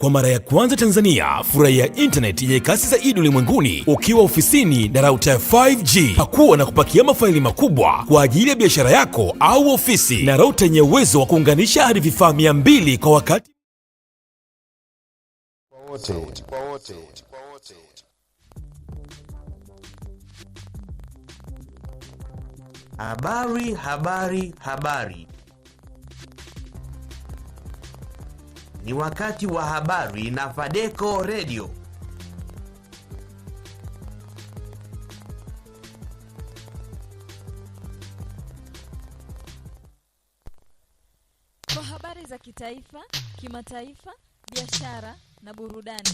Kwa mara ya kwanza Tanzania, ya internet yenye kasi zaidi ulimwenguni ukiwa ofisini na rauta ya 5G. Pakuwa na kupakia mafaili makubwa kwa ajili ya biashara yako au ofisi, na rauta yenye uwezo wa kuunganisha hadi vifaa mia mbili kwa wakati kwa wote. Kwa wote. Kwa wote. Habari, habari, habari. Ni wakati wa habari na Fadeco Radio. Kwa habari za kitaifa, kimataifa, biashara na burudani,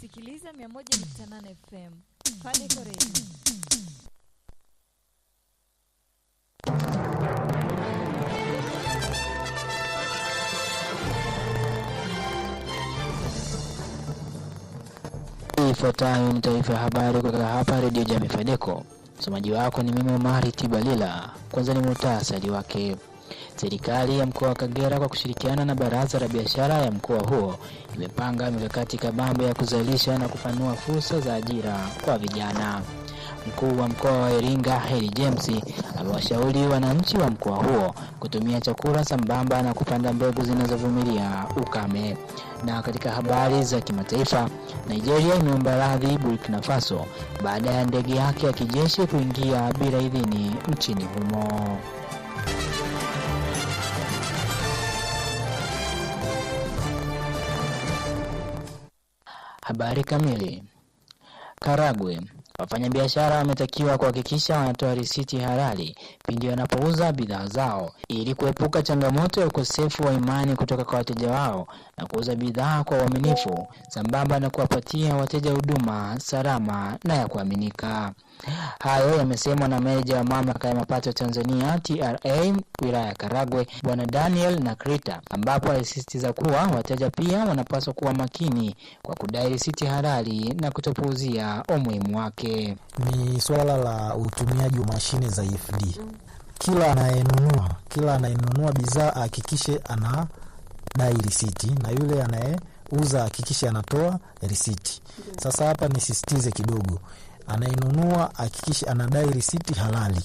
sikiliza 100.8 FM Fadeco Radio. Ifuatayo ni taarifa ya habari kutoka hapa Radio Jamii Fadeco. Msomaji wako ni mimi Omari Tibalila. Kwanza ni muhtasari wake. Serikali ya mkoa wa Kagera kwa kushirikiana na baraza la biashara ya mkoa huo imepanga mikakati kabambe ya kuzalisha na kupanua fursa za ajira kwa vijana. Mkuu wa mkoa wa Iringa Heri James amewashauri wananchi wa mkoa huo kutumia chakula sambamba na kupanda mbegu zinazovumilia ukame. Na katika habari za kimataifa, Nigeria imeomba radhi Burkina Faso baada ya ndege yake ya kijeshi kuingia bila idhini nchini humo. Habari kamili. Karagwe Wafanyabiashara wametakiwa kuhakikisha wanatoa risiti halali pindi wanapouza bidhaa zao ili kuepuka changamoto ya ukosefu wa imani kutoka kwa wateja wao na kuuza bidhaa kwa uaminifu sambamba na kuwapatia wateja huduma salama na ya kuaminika. Hayo yamesemwa na meneja wa mamlaka ya mapato Tanzania TRA wilaya ya Karagwe Bwana Daniel Nakrita, ambapo alisisitiza kuwa wateja pia wanapaswa kuwa makini kwa kudai risiti halali na kutopuuzia umuhimu wake. Ni suala la utumiaji wa mashine za EFD. Kila anayenunua kila anayenunua bidhaa ahakikishe ana dai risiti na yule anayeuza hakikisha anatoa risiti. Sasa hapa nisisitize kidogo, anayenunua hakikisha anadai risiti halali.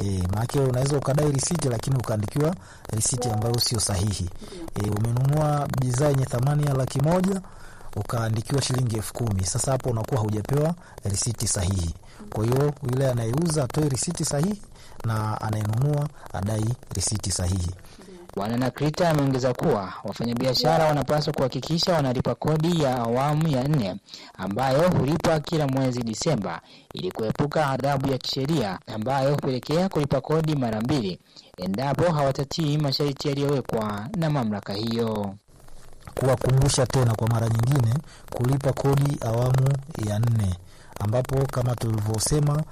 E, maake unaweza ukadai risiti lakini ukaandikiwa risiti ambayo sio sahihi. E, umenunua bidhaa yenye thamani ya laki moja ukaandikiwa shilingi elfu kumi. Sasa hapo unakuwa haujapewa risiti sahihi. Kwa hiyo yule anayeuza atoe risiti sahihi na anayenunua adai risiti sahihi. Bwana Nakrita ameongeza kuwa wafanyabiashara wanapaswa kuhakikisha wanalipa kodi ya awamu ya nne ambayo hulipa kila mwezi Disemba ili kuepuka adhabu ya kisheria ambayo hupelekea kulipa kodi mara mbili endapo hawatatii masharti yaliyowekwa na mamlaka hiyo. Kuwakumbusha tena kwa mara nyingine kulipa kodi awamu ya nne ambapo kama tulivyosema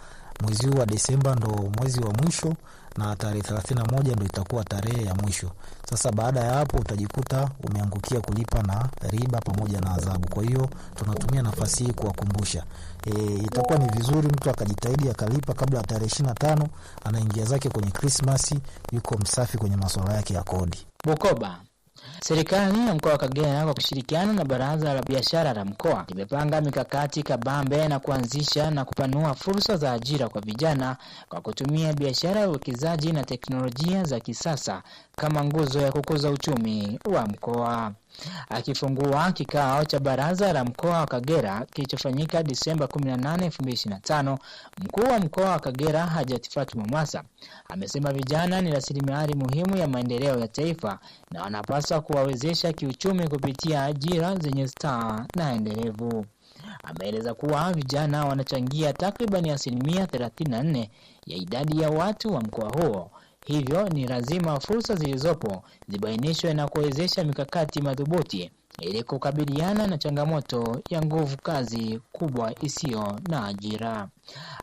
mwezi huu wa Desemba ndo mwezi wa mwisho na tarehe moja ndo itakuwa tarehe ya mwisho. Sasa baada ya hapo utajikuta umeangukia kulipa na riba pamoja na adhabu. Kwa hiyo tunatumia nafasi hii kuwakumbusha. E, itakuwa ni vizuri mtu akajitahidi akalipa kabla ya tarehe na tano anaingia zake kwenye Krismasi, yuko msafi kwenye masuala yake ya kodi. Bukoba Serikali ya mkoa wa Kagera kwa kushirikiana na Baraza la Biashara la mkoa imepanga mikakati kabambe na kuanzisha na kupanua fursa za ajira kwa vijana kwa kutumia biashara ya uwekezaji na teknolojia za kisasa kama nguzo ya kukuza uchumi wa mkoa. Akifungua kikao cha baraza la mkoa wa Kagera kilichofanyika Disemba 18, 2025, mkuu wa mkoa wa Kagera Hajat Fatuma Mwasa amesema vijana ni rasilimali muhimu ya maendeleo ya taifa na wanapaswa kuwawezesha kiuchumi kupitia ajira zenye staa na endelevu. Ameeleza kuwa vijana wanachangia takribani asilimia 34 ya idadi ya watu wa mkoa huo Hivyo ni lazima fursa zilizopo zibainishwe na kuwezesha mikakati madhubuti ili kukabiliana na changamoto ya nguvu kazi kubwa isiyo na ajira.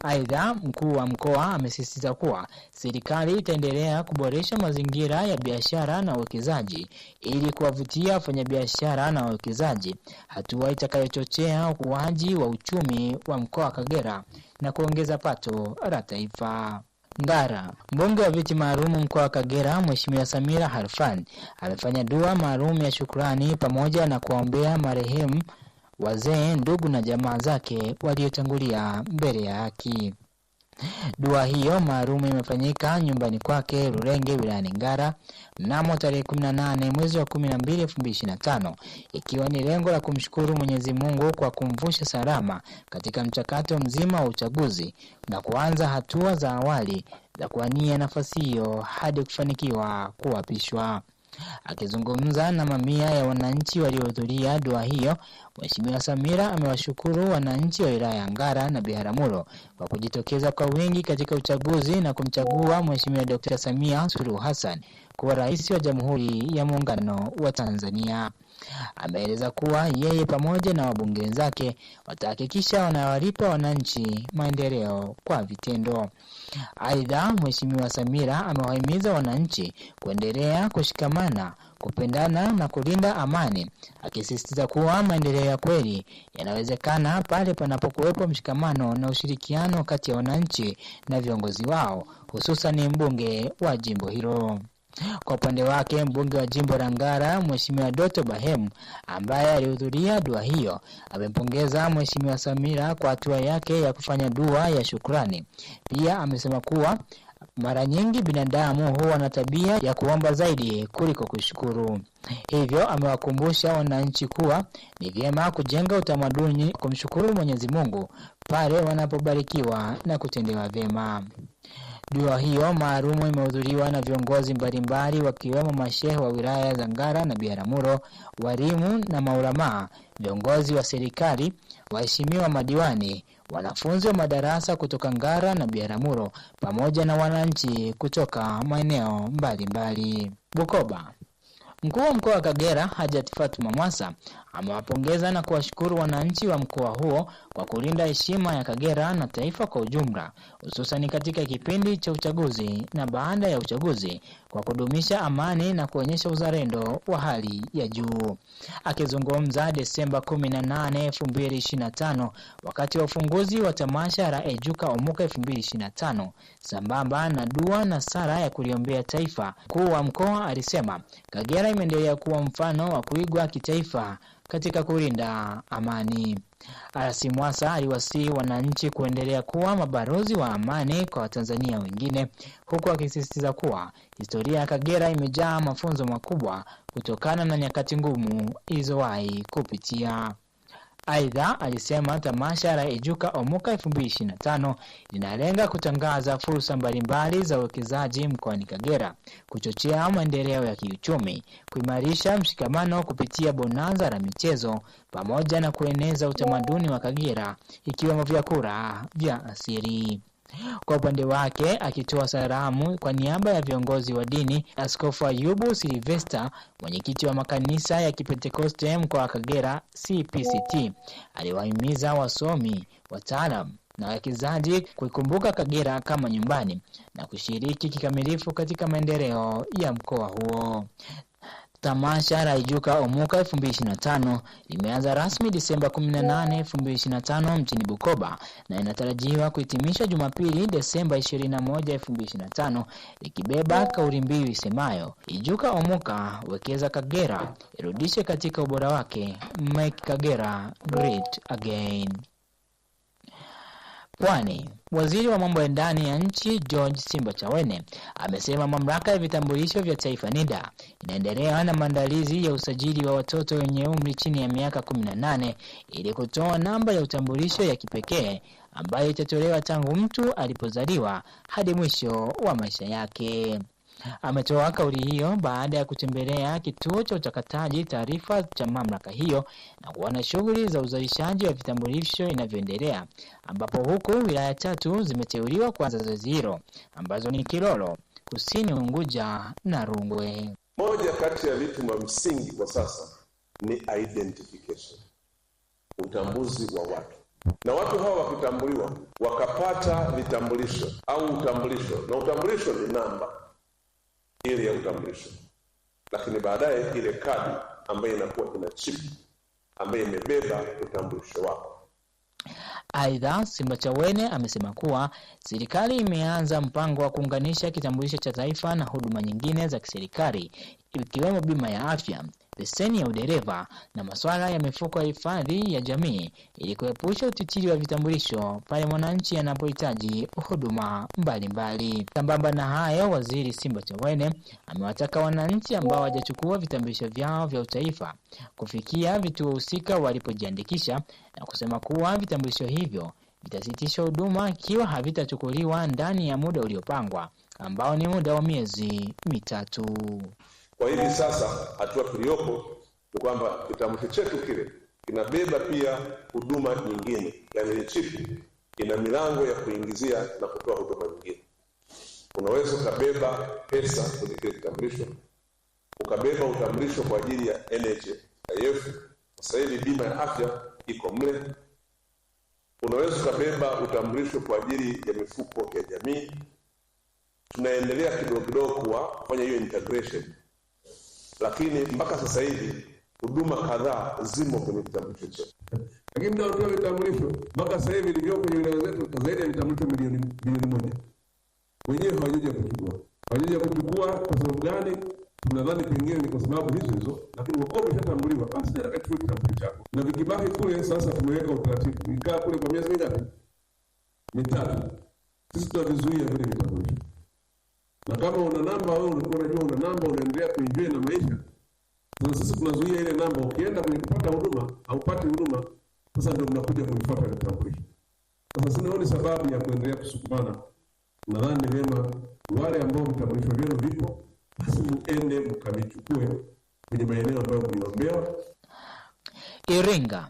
Aidha, mkuu wa mkoa amesisitiza kuwa serikali itaendelea kuboresha mazingira ya biashara na uwekezaji ili kuwavutia wafanyabiashara na wawekezaji, hatua itakayochochea ukuaji wa uchumi wa mkoa wa Kagera na kuongeza pato la taifa. Ngara. Mbunge wa viti maalumu mkoa wa Kagera, Mheshimiwa Samira Khalfan alifanya dua maalum ya shukrani pamoja na kuwaombea marehemu wazee, ndugu na jamaa zake waliotangulia mbele ya haki. Dua hiyo maalum imefanyika nyumbani kwake Rurenge wilayani Ngara mnamo tarehe 18 mwezi wa 12 2025, ikiwa ni lengo la kumshukuru Mwenyezi Mungu kwa kumvusha salama katika mchakato mzima wa uchaguzi na kuanza hatua za awali za kuania nafasi hiyo hadi kufanikiwa kuapishwa. Akizungumza na mamia ya wananchi waliohudhuria dua hiyo, Mheshimiwa Samira amewashukuru wananchi wa wilaya ya Ngara na Biharamulo kwa kujitokeza kwa wingi katika uchaguzi na kumchagua Mheshimiwa Dkt. Samia Suluhu Hassan kuwa rais wa Jamhuri ya Muungano wa Tanzania. Ameeleza kuwa yeye pamoja na wabunge wenzake watahakikisha wanawalipa wananchi maendeleo kwa vitendo. Aidha, Mheshimiwa Samira amewahimiza wananchi kuendelea kushikamana, kupendana na kulinda amani, akisisitiza kuwa maendeleo ya kweli yanawezekana pale panapokuwepo mshikamano na ushirikiano kati ya wananchi na viongozi wao, hususan mbunge wa jimbo hilo. Kwa upande wake mbunge wa jimbo la Ngara Mheshimiwa Doto Bahem ambaye alihudhuria dua hiyo amempongeza Mheshimiwa Samira kwa hatua yake ya kufanya dua ya shukrani. Pia amesema kuwa mara nyingi binadamu huwa na tabia ya kuomba zaidi kuliko kushukuru. Hivyo amewakumbusha wananchi kuwa ni vyema kujenga utamaduni kumshukuru Mwenyezi Mungu pale wanapobarikiwa na kutendewa vyema. Dua hiyo maalumu imehudhuriwa na viongozi mbalimbali wakiwemo mashehe wa wilaya za Ngara na biaramuro walimu na maulamaa, viongozi wa serikali, waheshimiwa madiwani, wanafunzi wa madarasa kutoka Ngara na biaramuro pamoja na wananchi kutoka maeneo mbalimbali. Bukoba. Mkuu wa mkoa wa Kagera Hajat Fatuma Mwasa amewapongeza na kuwashukuru wananchi wa mkoa huo kwa kulinda heshima ya Kagera na taifa kwa ujumla, hususani katika kipindi cha uchaguzi na baada ya uchaguzi kwa kudumisha amani na kuonyesha uzalendo wa hali ya juu. Akizungumza Desemba 18, 2025 wakati wa ufunguzi wa tamasha la Ejuka Omuka 2025 sambamba na dua na sala ya kuliombea taifa, mkuu wa mkoa alisema Kagera imeendelea kuwa mfano wa kuigwa kitaifa katika kulinda amani. Arasi Mwasa aliwasihi wananchi kuendelea kuwa mabalozi wa amani kwa Watanzania wengine, huku akisisitiza kuwa historia ya Kagera imejaa mafunzo makubwa kutokana na nyakati ngumu ilizowahi kupitia. Aidha, alisema tamasha la Ijuka Omuka 2025 linalenga kutangaza fursa mbalimbali za uwekezaji mkoani Kagera, kuchochea maendeleo ya kiuchumi, kuimarisha mshikamano kupitia bonanza la michezo, pamoja na kueneza utamaduni wa Kagera ikiwemo vyakula vya asili. Kwa upande wake, akitoa salamu kwa niaba ya viongozi wa dini, Askofu Ayubu Silvesta, mwenyekiti wa makanisa ya Kipentekoste mkoa wa Kagera CPCT, aliwahimiza wasomi, wataalam na wawekezaji kuikumbuka Kagera kama nyumbani na kushiriki kikamilifu katika maendeleo ya mkoa huo. Tamasha la Ijuka Omuka 2025 limeanza rasmi Disemba 18, 2025 mjini Bukoba na inatarajiwa kuhitimisha Jumapili Desemba 21, 2025 likibeba kauli mbiu isemayo Ijuka Omuka, wekeza Kagera, irudishe katika ubora wake, make Kagera great again. Pwani. Waziri wa mambo ya ndani ya nchi George Simbachawene amesema mamlaka ya vitambulisho vya taifa NIDA inaendelea na maandalizi ya usajili wa watoto wenye umri chini ya miaka 18 ili kutoa namba ya utambulisho ya kipekee ambayo itatolewa tangu mtu alipozaliwa hadi mwisho wa maisha yake. Ametoa kauli hiyo baada ya kutembelea kituo cha uchakataji taarifa cha mamlaka hiyo na kuona shughuli za uzalishaji wa vitambulisho inavyoendelea, ambapo huku wilaya tatu zimeteuliwa kuanza zoezi hilo ambazo ni Kilolo, Kusini Unguja na Rungwe. Moja kati ya vitu vya msingi kwa sasa ni identification, utambuzi wa watu na watu hawa wakitambuliwa wakapata vitambulisho au utambulisho, na utambulisho ni namba ile ya utambulisho, lakini baadaye ile kadi ambayo inakuwa ina chip ambayo imebeba utambulisho wako. Aidha, Simba Chawene amesema kuwa serikali imeanza mpango wa kuunganisha kitambulisho cha taifa na huduma nyingine za kiserikali ikiwemo bima ya afya leseni ya udereva na masuala ya mifuko ya hifadhi ya jamii ili kuepusha utitiri wa vitambulisho pale mwananchi anapohitaji huduma mbalimbali. Sambamba na hayo, Waziri Simba Chawene amewataka wananchi ambao hawajachukua vitambulisho vyao vya utaifa kufikia vituo husika walipojiandikisha na kusema kuwa vitambulisho hivyo vitasitisha huduma ikiwa havitachukuliwa ndani ya muda uliopangwa ambao ni muda wa miezi mitatu. Kwa hivi sasa hatua tuliyopo ni kwamba kitambulisho chetu kile kinabeba pia huduma nyingine, yaani chipu ina milango ya kuingizia na kutoa huduma nyingine. Unaweza ukabeba pesa kwenye kile kitambulisho, ukabeba utambulisho kwa ajili ya NHIF. Sasa hivi bima ya afya iko mle. Unaweza ukabeba utambulisho kwa ajili ya mifuko ya jamii. Tunaendelea kidogo kidogo kufanya hiyo integration lakini mpaka sasa hivi huduma kadhaa zimo kwenye kitambulisho chetu, lakini mda wa vitambulisho mpaka sasa hivi ilivyo kwenye wilaya zetu zaidi ya vitambulisho milioni moja wenyewe hawajaja kuchukua, hawajaja kuchukua kwa sababu gani? Tunadhani pengine ni kwa sababu hizo hizo, lakini kwa kuwa umeshatambuliwa basi nenda kachukue kitambulisho chako, na vikibaki kule. Sasa tumeweka utaratibu, ikaa kule kwa miezi mingapi? Mitatu. Sisi tunavizuia vile vitambulisho na kama una namba wewe ulikuwa unajua una namba, unaendelea kuenjoy na maisha. Sasa sisi tunazuia ile namba, ukienda kwenye kupata huduma haupati huduma, sasa ndio mnakuja kuifuata ile kitambulisho. Sasa sinaoni sababu ya kuendelea kusukumana. Nadhani ni vyema wale ambao vitambulisho vyenu vipo, basi muende mkavichukue kwenye maeneo ambayo mliombewa. Iringa.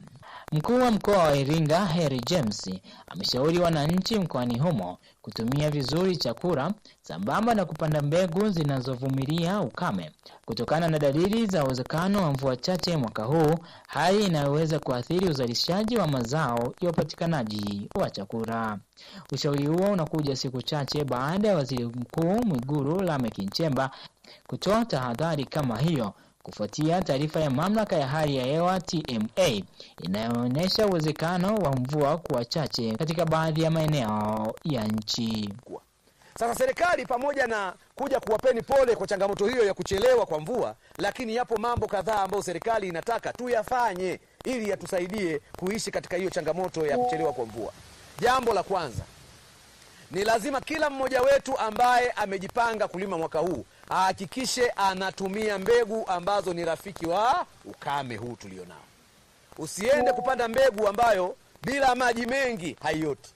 Mkuu wa Mkoa wa Iringa Hery James ameshauri wananchi mkoani humo kutumia vizuri chakula sambamba na kupanda mbegu zinazovumilia ukame kutokana na dalili za uwezekano wa mvua chache mwaka huu, hali inayoweza kuathiri uzalishaji wa mazao ya upatikanaji wa chakula. Ushauri huo unakuja siku chache baada ya Waziri Mkuu Mwigulu Lameck Nchemba kutoa tahadhari kama hiyo kufuatia taarifa ya mamlaka ya hali ya hewa TMA inayoonyesha uwezekano wa mvua kuwa chache katika baadhi ya maeneo ya nchi. Sasa serikali pamoja na kuja kuwapeni pole kwa changamoto hiyo ya kuchelewa kwa mvua, lakini yapo mambo kadhaa ambayo serikali inataka tuyafanye ili yatusaidie kuishi katika hiyo changamoto ya kuchelewa kwa mvua. Jambo la kwanza ni lazima kila mmoja wetu ambaye amejipanga kulima mwaka huu ahakikishe anatumia mbegu ambazo ni rafiki wa ukame huu tulionao. Usiende kupanda mbegu ambayo bila maji mengi haioti.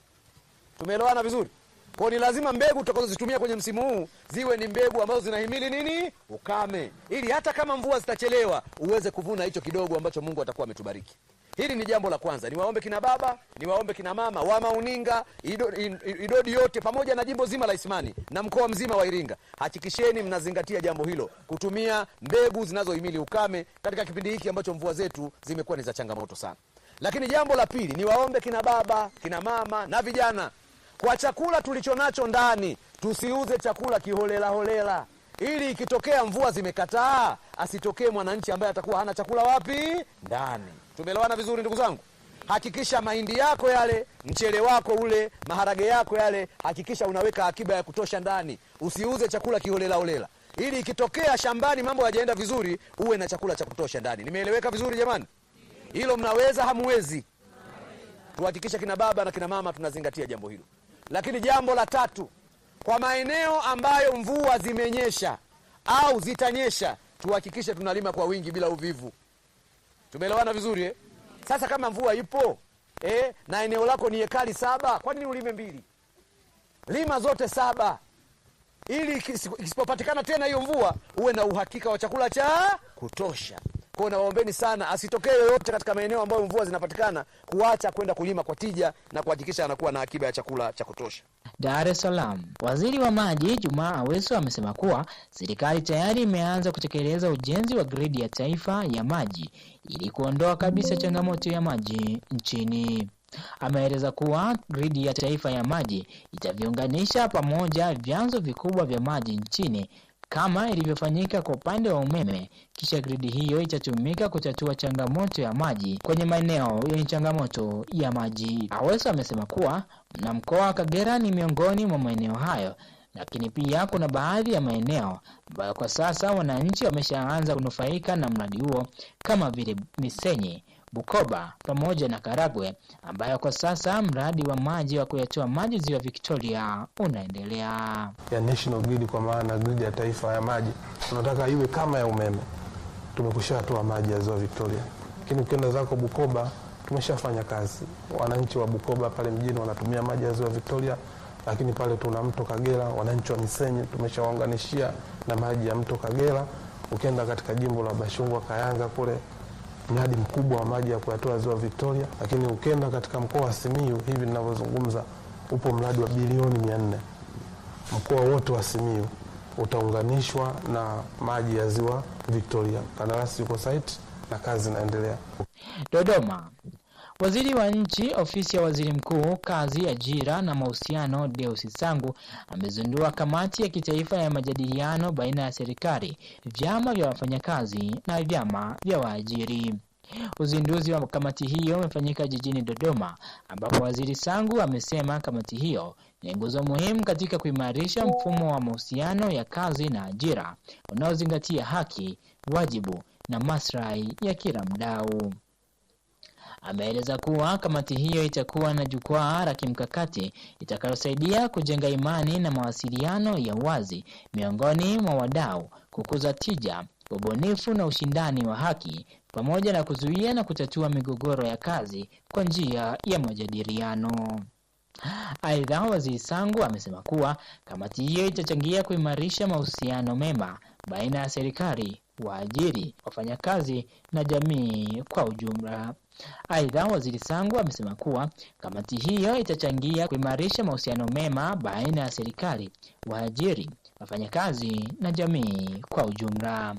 Tumeelewana vizuri? Kwa ni lazima mbegu tutakazozitumia kwenye msimu huu ziwe ni mbegu ambazo zinahimili nini? Ukame, ili hata kama mvua zitachelewa uweze kuvuna hicho kidogo ambacho Mungu atakuwa ametubariki. Hili ni jambo la kwanza. Niwaombe kina baba, niwaombe kina mama wa Mauninga, Idodi ido yote pamoja na jimbo zima la Isimani na mkoa mzima wa Iringa, hakikisheni mnazingatia jambo hilo, kutumia mbegu zinazohimili ukame katika kipindi hiki ambacho mvua zetu zimekuwa ni za changamoto sana. Lakini jambo la pili, niwaombe kina baba, kina mama na vijana, kwa chakula tulichonacho ndani tusiuze chakula kiholelaholela ili ikitokea mvua zimekataa asitokee mwananchi ambaye atakuwa hana chakula wapi ndani tumelewana vizuri ndugu zangu? Hakikisha mahindi yako yale, mchele wako ule, maharage yako yale, hakikisha unaweka akiba ya kutosha ndani. Usiuze chakula kiholela ili ikitokea shambani mambo yajaenda vizuri, uwe na chakula cha kutosha ndani. Nimeeleweka vizuri jamani? Hilo mnaweza, hamwezi? Tuhakikishe kina baba na kina mama tunazingatia jambo hilo. Lakini jambo la tatu, kwa maeneo ambayo mvua zimenyesha au zitanyesha, tuhakikishe tunalima kwa wingi bila uvivu. Tumeelewana vizuri eh? Sasa kama mvua ipo eh, na eneo lako ni hekari saba, kwa nini ulime mbili? Lima zote saba ili kisipopatikana tena hiyo mvua, uwe na uhakika wa chakula cha kutosha kwao nawaombeni sana, asitokee yoyote katika maeneo ambayo mvua zinapatikana kuacha kwenda kulima kwa tija na kuhakikisha anakuwa na akiba ya chakula cha kutosha. Dar es Salaam, waziri wa maji Jumaa Aweso amesema kuwa serikali tayari imeanza kutekeleza ujenzi wa gredi ya taifa ya maji ili kuondoa kabisa changamoto ya maji nchini. Ameeleza kuwa gridi ya taifa ya maji itaviunganisha pamoja vyanzo vikubwa vya maji nchini kama ilivyofanyika kwa upande wa umeme, kisha gridi hiyo itatumika kutatua changamoto ya maji kwenye maeneo yenye changamoto ya maji. Aweso amesema kuwa na mkoa wa Kagera ni miongoni mwa maeneo hayo, lakini pia kuna baadhi ya maeneo ambayo kwa sasa wananchi wameshaanza kunufaika na mradi huo kama vile Misenyi Bukoba pamoja na Karagwe, ambayo kwa sasa mradi wa maji wa kuyatoa maji ziwa Victoria unaendelea. Ya national grid kwa maana grid ya taifa ya maji tunataka iwe kama ya umeme. Tumekushatoa maji ya ziwa Victoria, lakini ukienda zako Bukoba tumeshafanya kazi. Wananchi wa Bukoba pale mjini wanatumia maji ya ziwa Victoria, lakini pale tuna mto Kagera, wananchi wa Misenyi tumeshawaunganishia na maji ya mto Kagera. Ukienda katika jimbo la Bashungwa Kayanga kule mradi mkubwa wa maji ya kuyatoa ziwa Victoria, lakini ukenda katika mkoa wa Simiyu hivi ninavyozungumza, upo mradi wa bilioni mia nne. Mkoa wote wa Simiyu utaunganishwa na maji ya ziwa Victoria. Kandarasi yuko site na kazi inaendelea. Dodoma. Waziri wa Nchi, Ofisi ya Waziri Mkuu, Kazi, Ajira na Mahusiano, Deus Sangu amezindua kamati ya kitaifa ya majadiliano baina ya serikali, vyama vya wafanyakazi na vyama vya waajiri. Uzinduzi wa kamati hiyo umefanyika jijini Dodoma, ambapo Waziri Sangu amesema kamati hiyo ni nguzo muhimu katika kuimarisha mfumo wa mahusiano ya kazi na ajira unaozingatia haki, wajibu na maslahi ya kila mdau. Ameeleza kuwa kamati hiyo itakuwa na jukwaa la kimkakati itakayosaidia kujenga imani na mawasiliano ya wazi miongoni mwa wadau, kukuza tija, ubunifu na ushindani wa haki, pamoja na kuzuia na kutatua migogoro ya kazi kwa njia ya majadiliano. Aidha, Waziri Sangu amesema kuwa kamati hiyo itachangia kuimarisha mahusiano mema baina ya serikali, waajiri, wafanyakazi na jamii kwa ujumla. Aidha, Waziri Sangu amesema kuwa kamati hiyo itachangia kuimarisha mahusiano mema baina ya serikali, waajiri, wafanyakazi na jamii kwa ujumla.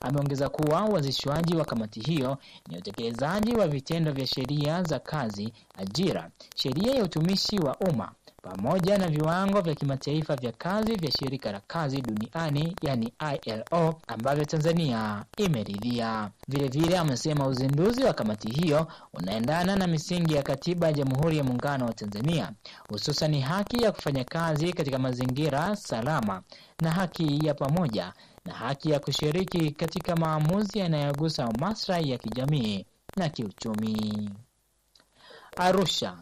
Ameongeza kuwa uanzishwaji wa kamati hiyo ni utekelezaji wa vitendo vya sheria za kazi, ajira, sheria ya utumishi wa umma pamoja na viwango vya kimataifa vya kazi vya shirika la kazi duniani yani ILO ambavyo Tanzania imeridhia. Vilevile amesema uzinduzi wa kamati hiyo unaendana na misingi ya katiba ya Jamhuri ya Muungano wa Tanzania, hususan haki ya kufanya kazi katika mazingira salama na haki ya pamoja na haki ya kushiriki katika maamuzi yanayogusa maslahi ya kijamii na kiuchumi. Arusha,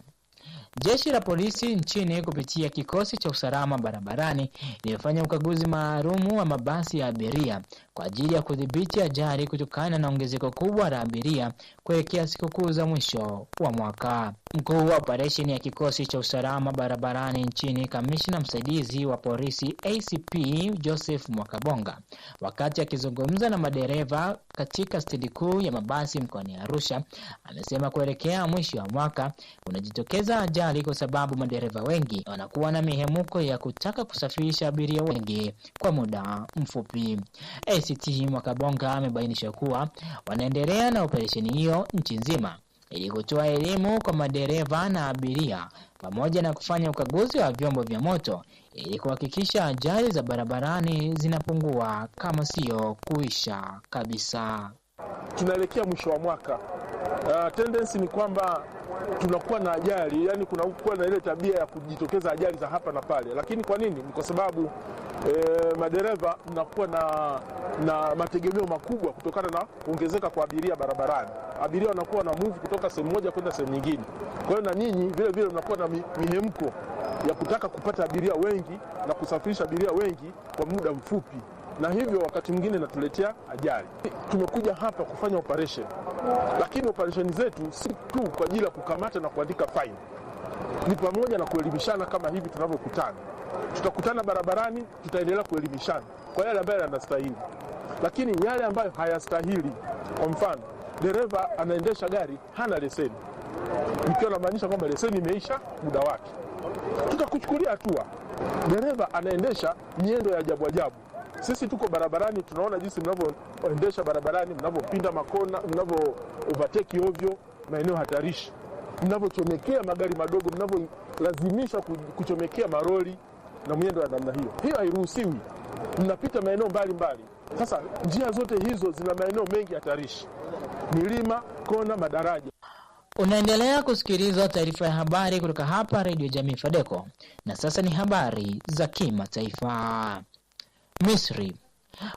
Jeshi la polisi nchini kupitia kikosi cha usalama barabarani limefanya ukaguzi maalumu wa mabasi ya abiria kwa ajili ya kudhibiti ajali kutokana na ongezeko kubwa la abiria kuelekea sikukuu za mwisho wa mwaka. Mkuu wa operesheni ya kikosi cha usalama barabarani nchini, kamishna msaidizi wa polisi ACP Joseph Mwakabonga, wakati akizungumza na madereva katika stendi kuu ya mabasi mkoani Arusha, amesema kuelekea mwisho wa mwaka unajitokeza ajali kwa sababu madereva wengi wanakuwa na mihemuko ya kutaka kusafirisha abiria wengi kwa muda mfupi. ACT Mwakabonga amebainisha kuwa wanaendelea na operesheni hiyo nchi nzima ili kutoa elimu kwa madereva na abiria pamoja na kufanya ukaguzi wa vyombo vya moto ili kuhakikisha ajali za barabarani zinapungua kama sio kuisha kabisa. Tunaelekea mwisho wa mwaka. Uh, ah, tendensi ni kwamba tunakuwa na ajali, yani kunakuwa na ile tabia ya kujitokeza ajali za hapa na pale, lakini kwa nini? Ni kwa sababu e, madereva mnakuwa na, na mategemeo makubwa kutokana na kuongezeka kwa abiria barabarani. Abiria wanakuwa na move kutoka sehemu moja kwenda sehemu nyingine, kwa hiyo na ninyi vile vile mnakuwa na mihemko ya kutaka kupata abiria wengi na kusafirisha abiria wengi kwa muda mfupi, na hivyo wakati mwingine natuletea ajali. Tumekuja hapa kufanya operation, lakini operation zetu si tu kwa ajili ya kukamata na kuandika faini, ni pamoja na kuelimishana kama hivi tunavyokutana tutakutana barabarani, tutaendelea kuelimishana kwa yale ambayo yanastahili, lakini yale ambayo hayastahili, kwa mfano dereva anaendesha gari hana leseni, ikiwa namaanisha kwamba leseni imeisha muda wake, tutakuchukulia hatua. Dereva anaendesha miendo ya ajabu ajabu. Sisi tuko barabarani, tunaona jinsi mnavyoendesha barabarani, mnavyopinda makona, mnavyo overtake ovyo maeneo hatarishi, mnavyochomekea magari madogo, mnavyolazimisha kuchomekea maroli na mwenendo wa namna hiyo, hiyo hairuhusiwi. Mnapita maeneo mbalimbali. Sasa njia zote hizo zina maeneo mengi hatarishi, milima, kona, madaraja. Unaendelea kusikiliza taarifa ya habari kutoka hapa Redio Jamii Fadeko. Na sasa ni habari za kimataifa. Misri.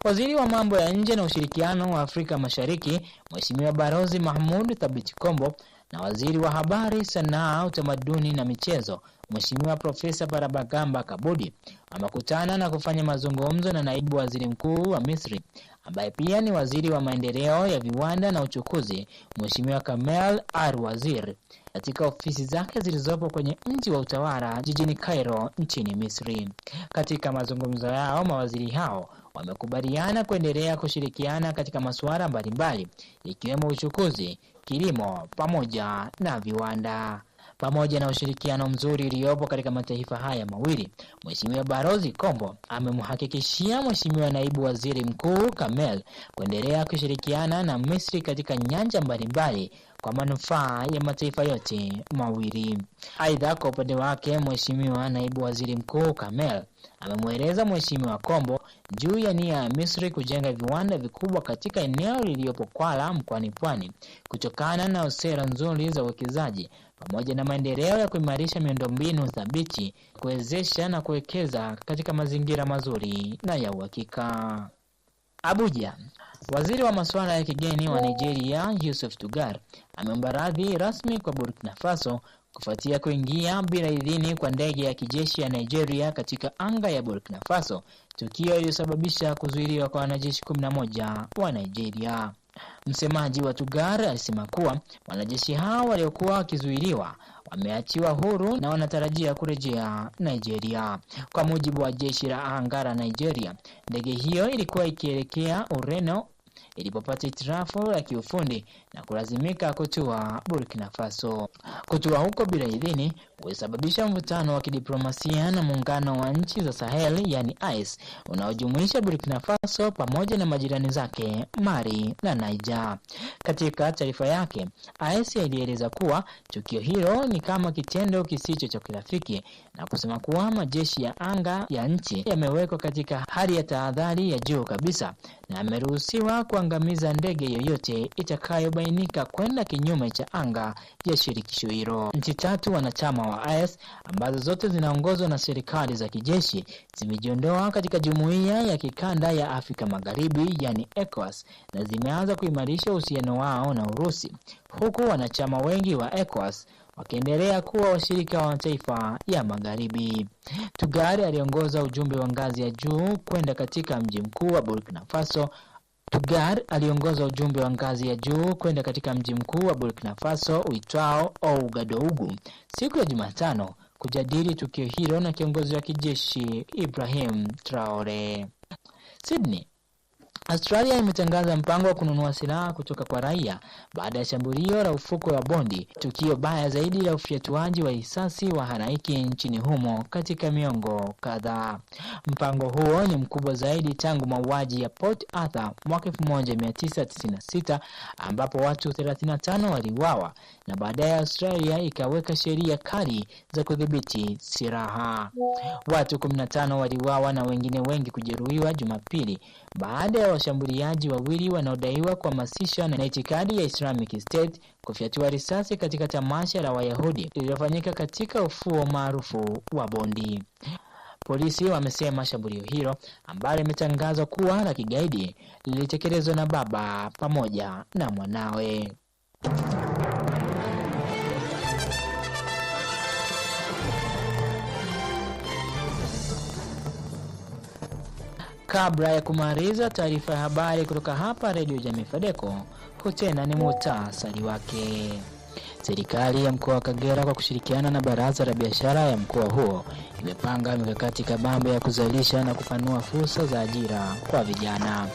Waziri wa mambo ya nje na ushirikiano wa Afrika Mashariki, Mheshimiwa Barozi Mahmud Thabit Kombo na waziri wa habari, sanaa, utamaduni na michezo Mheshimiwa Profesa barabagamba Kabudi amekutana na kufanya mazungumzo na naibu waziri mkuu wa Misri ambaye pia ni waziri wa maendeleo ya viwanda na uchukuzi, Mheshimiwa Kamel Ar Wazir katika ofisi zake zilizopo kwenye mji wa utawala jijini Cairo nchini Misri. Katika mazungumzo yao, mawaziri hao wamekubaliana kuendelea kushirikiana katika masuala mbalimbali ikiwemo uchukuzi, kilimo pamoja na viwanda. Pamoja na ushirikiano mzuri uliopo katika mataifa haya mawili, Mheshimiwa Barozi Kombo amemhakikishia Mheshimiwa Naibu Waziri Mkuu Kamel kuendelea kushirikiana na Misri katika nyanja mbalimbali kwa manufaa ya mataifa yote mawili. Aidha, kwa upande wake Mheshimiwa Naibu Waziri Mkuu Kamel amemweleza Mheshimiwa Kombo juu ya nia ya Misri kujenga viwanda vikubwa katika eneo lililopo Kwala mkoani Pwani kutokana na sera nzuri za uwekezaji pamoja na maendeleo ya kuimarisha miundombinu thabiti, kuwezesha na kuwekeza katika mazingira mazuri na ya uhakika. Abuja. Waziri wa masuala ya kigeni wa Nigeria Yusuf Tugar ameomba radhi rasmi kwa Burkina Faso kufuatia kuingia bila idhini kwa ndege ya kijeshi ya Nigeria katika anga ya Burkina Faso tukio iliyosababisha kuzuiliwa kwa wanajeshi kumi na moja wa Nigeria. Msemaji wa tugar alisema kuwa wanajeshi hao waliokuwa wakizuiliwa wameachiwa huru na wanatarajia kurejea Nigeria. Kwa mujibu wa jeshi la anga la Nigeria, ndege hiyo ilikuwa ikielekea Ureno ilipopata itirafu ya kiufundi na kulazimika kutua Burkina Faso. Kutua huko bila idhini kulisababisha mvutano wa kidiplomasia na muungano wa nchi za Sahel yani ICE unaojumuisha Burkina Faso pamoja na majirani zake Mali na Niger. Katika taarifa yake, ICE ilieleza kuwa tukio hilo ni kama kitendo kisicho cha kirafiki na kusema kuwa majeshi ya anga ya nchi yamewekwa katika hali ya tahadhari ya juu kabisa na ameruhusiwa kuangamiza ndege yoyote itakayobainika kwenda kinyume cha anga ya shirikisho hilo. Nchi tatu wanachama wa IS ambazo zote zinaongozwa na serikali za kijeshi zimejiondoa katika jumuiya ya kikanda ya Afrika Magharibi, yani ECOWAS, na zimeanza kuimarisha uhusiano wao na Urusi, huku wanachama wengi wa ECOWAS wakiendelea kuwa washirika wa mataifa ya Magharibi. Tugari aliongoza ujumbe wa ngazi ya juu kwenda katika mji mkuu wa Burkina Faso. Tugar aliongoza ujumbe wa ngazi ya juu kwenda katika mji mkuu wa Burkina Faso uitwao Ouagadougou siku ya Jumatano kujadili tukio hilo na kiongozi wa kijeshi Ibrahim Traore. Sydney Australia imetangaza mpango wa kununua silaha kutoka kwa raia baada ya shambulio la ufuko wa Bondi, tukio baya zaidi la ufyatuaji wa risasi wa halaiki nchini humo katika miongo kadhaa. Mpango huo ni mkubwa zaidi tangu mauaji ya Port Arthur mwaka 1996 ambapo watu 35 waliuawa na baadaye Australia ikaweka sheria kali za kudhibiti silaha. Watu 15 waliuawa na wengine wengi kujeruhiwa Jumapili baada ya washambuliaji wawili wanaodaiwa kuhamasishwa na itikadi ya Islamic State kufyatua risasi katika tamasha la Wayahudi lililofanyika katika ufuo maarufu wa Bondi. Polisi wamesema shambulio hilo ambalo limetangazwa kuwa la kigaidi lilitekelezwa na baba pamoja na mwanawe. Kabla ya kumaliza taarifa ya habari kutoka hapa Redio Jamii Fadeco, huu tena ni muhtasari wake. Serikali ya mkoa wa Kagera kwa kushirikiana na baraza la biashara ya mkoa huo imepanga mikakati kabambe ya kuzalisha na kupanua fursa za ajira kwa vijana.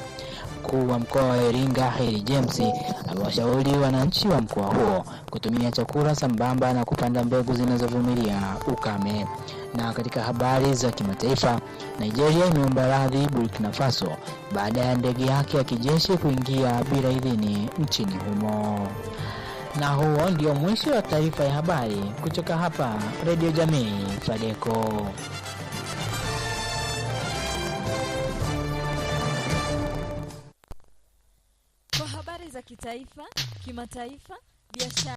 Mkuu wa mkoa wa Iringa Heri James amewashauri wananchi wa mkoa huo kutumia chakula sambamba na kupanda mbegu zinazovumilia ukame. Na katika habari za kimataifa, Nigeria imeomba radhi Burkina Faso baada ya ndege yake ya kijeshi kuingia bila idhini nchini humo. Na huo ndio mwisho wa taarifa ya habari kutoka hapa Redio Jamii Fadeco. Kwa habari za kitaifa, kimataifa, biashara